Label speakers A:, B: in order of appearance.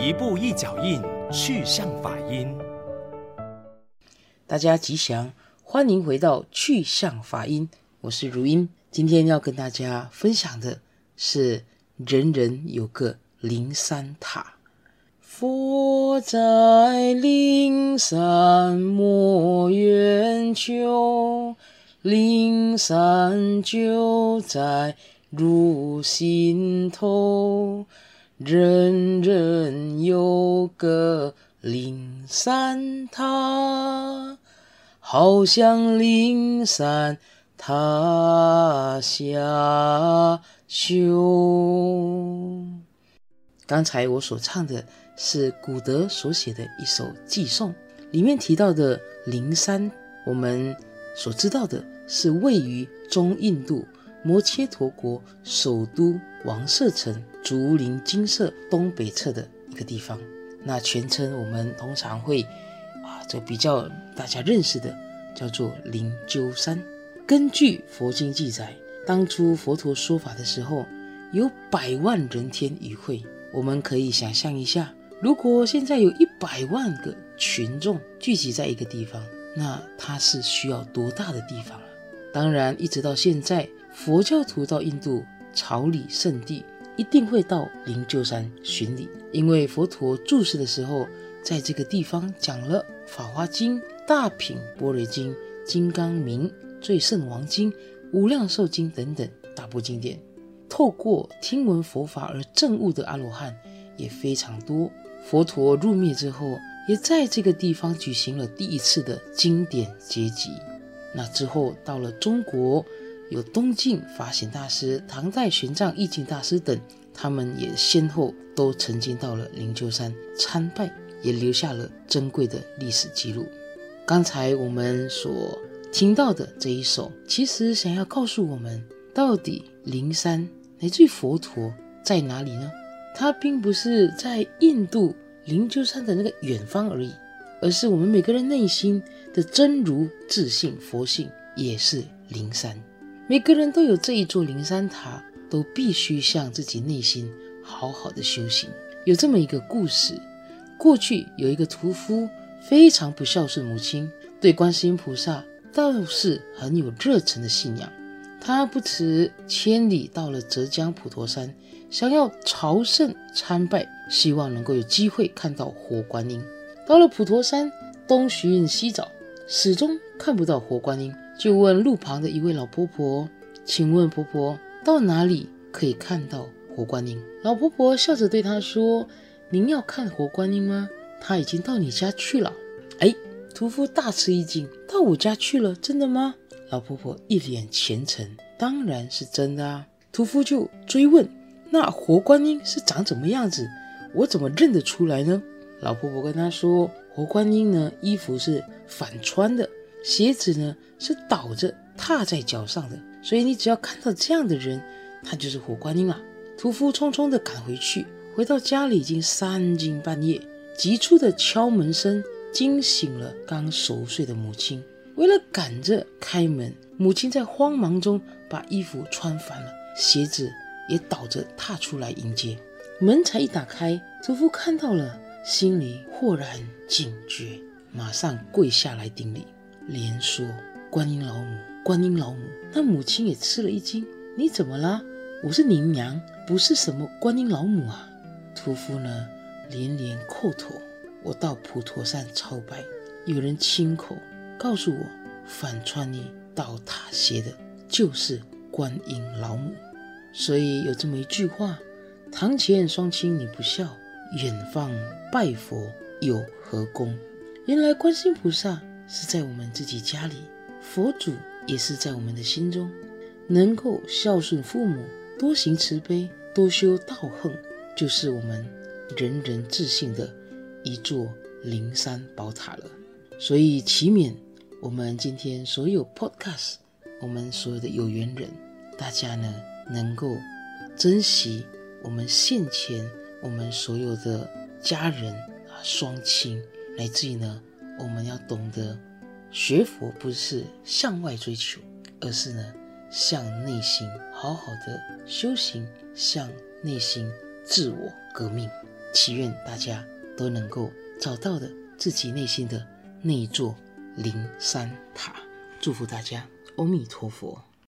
A: 一步一腳印，趣向法音。大家吉祥，歡迎回到趣向法音，我是如音。今天要跟大家分享的是，人人有個靈山塔，佛在靈山莫遠求，靈山就在汝心頭。人人有個靈山塔，好向靈山塔下修。剛才我所唱的是古德所寫的一首偈頌，裡面提到的靈山，我們所知道的是位於中印度，摩揭陀國首都王舍城竹林精舍東北側的一個地方，那全稱我們通常會啊，就比較大家認識的，叫做靈鷲山。根據佛經記載，當初佛陀說法的時候，有百萬人天與會。我們可以想象一下，如果現在有一百萬個群眾聚集在一個地方，那它是需要多大的地方啊？當然，一直到現在。佛教徒到印度朝禮聖地，一定會到靈鷲山巡禮，因為佛陀住世的時候，在這個地方講了《法華經》《大品般若經》《金剛明》《最勝王經》《無量壽經》等等大部經典。透過聽聞佛法而證悟的阿羅漢也非常多。佛陀入滅之後，也在這個地方舉行了第一次的經典結集。那之後到了中國。有東晉法顯大師、唐代玄奘、義淨大師等，他們也先後都曾經到了靈鷲山參拜，也留下了珍貴的歷史記錄。剛才我們所聽到的這一首，其實想要告訴我們，到底靈山乃至於佛陀在哪裡呢？它，並不是在印度靈鷲山的那個遠方而已，而是我們每個人內心的真如、自性、佛性，也是靈山。每個人都有這一座靈山塔，都必須向自己內心好好的修行。有這麼一個故事：過去有一個屠夫，非常不孝順母親，對觀世音菩薩倒是很有熱忱的信仰。他不辭千里，到了浙江普陀山，想要朝聖參拜，希望能夠有機會看到活觀音。到了普陀山，東尋西找，始終看不到活觀音。就問路旁的一位老婆婆：“請問，婆婆到哪裡可以看到活觀音？”老婆婆笑着對他說：“您要看活觀音嗎？他已經到你家去了。”哎，屠夫大吃一驚：“到我家去了？真的嗎？”老婆婆一臉虔誠：“當然是真的啊。”屠夫就追問：“那活觀音是長什麼樣子？我怎麼認得出來呢？”老婆婆跟他說：“活觀音呢，衣服是反穿的。”鞋子呢是倒着踏在腳上的，所以你只要看到這樣的人，他就是活觀音了、啊。屠夫匆匆地趕回去，回到家裡已經三更半夜。急促的敲門聲驚醒了剛熟睡的母親。為了趕着開門，母親在慌忙中把衣服穿反了，鞋子也倒着踏出來迎接。門才一打開，屠夫看到了，心裡豁然警覺，馬上跪下來頂禮。連說，觀音老母，觀音老母。那母親也吃了一驚。你怎麼啦？我是你娘，不是什麼觀音老母啊！屠夫呢，連連叩頭。我到普陀山朝拜，有人親口告訴我，反穿你倒塔鞋的就是觀音老母。所以有這麼一句話：堂前雙親你不孝，遠方拜佛有何功？原來觀音菩薩是在我們自己家裡，佛祖也是在我們的心中，能夠孝順父母，多行慈悲，多修道行，就是我們人人自性的，一座靈山寶塔了。所以祈勉我們今天所有 Podcast，我們所有的有緣人，大家呢能夠珍惜我們現前我們所有的家人啊，雙親，來自於呢。我們要懂得學佛，不是向外追求，而是呢向內心好好的修行，向內心自我革命。祈願大家都能夠找到的自己內心的那一座靈山塔。祝福大家，阿彌陀佛。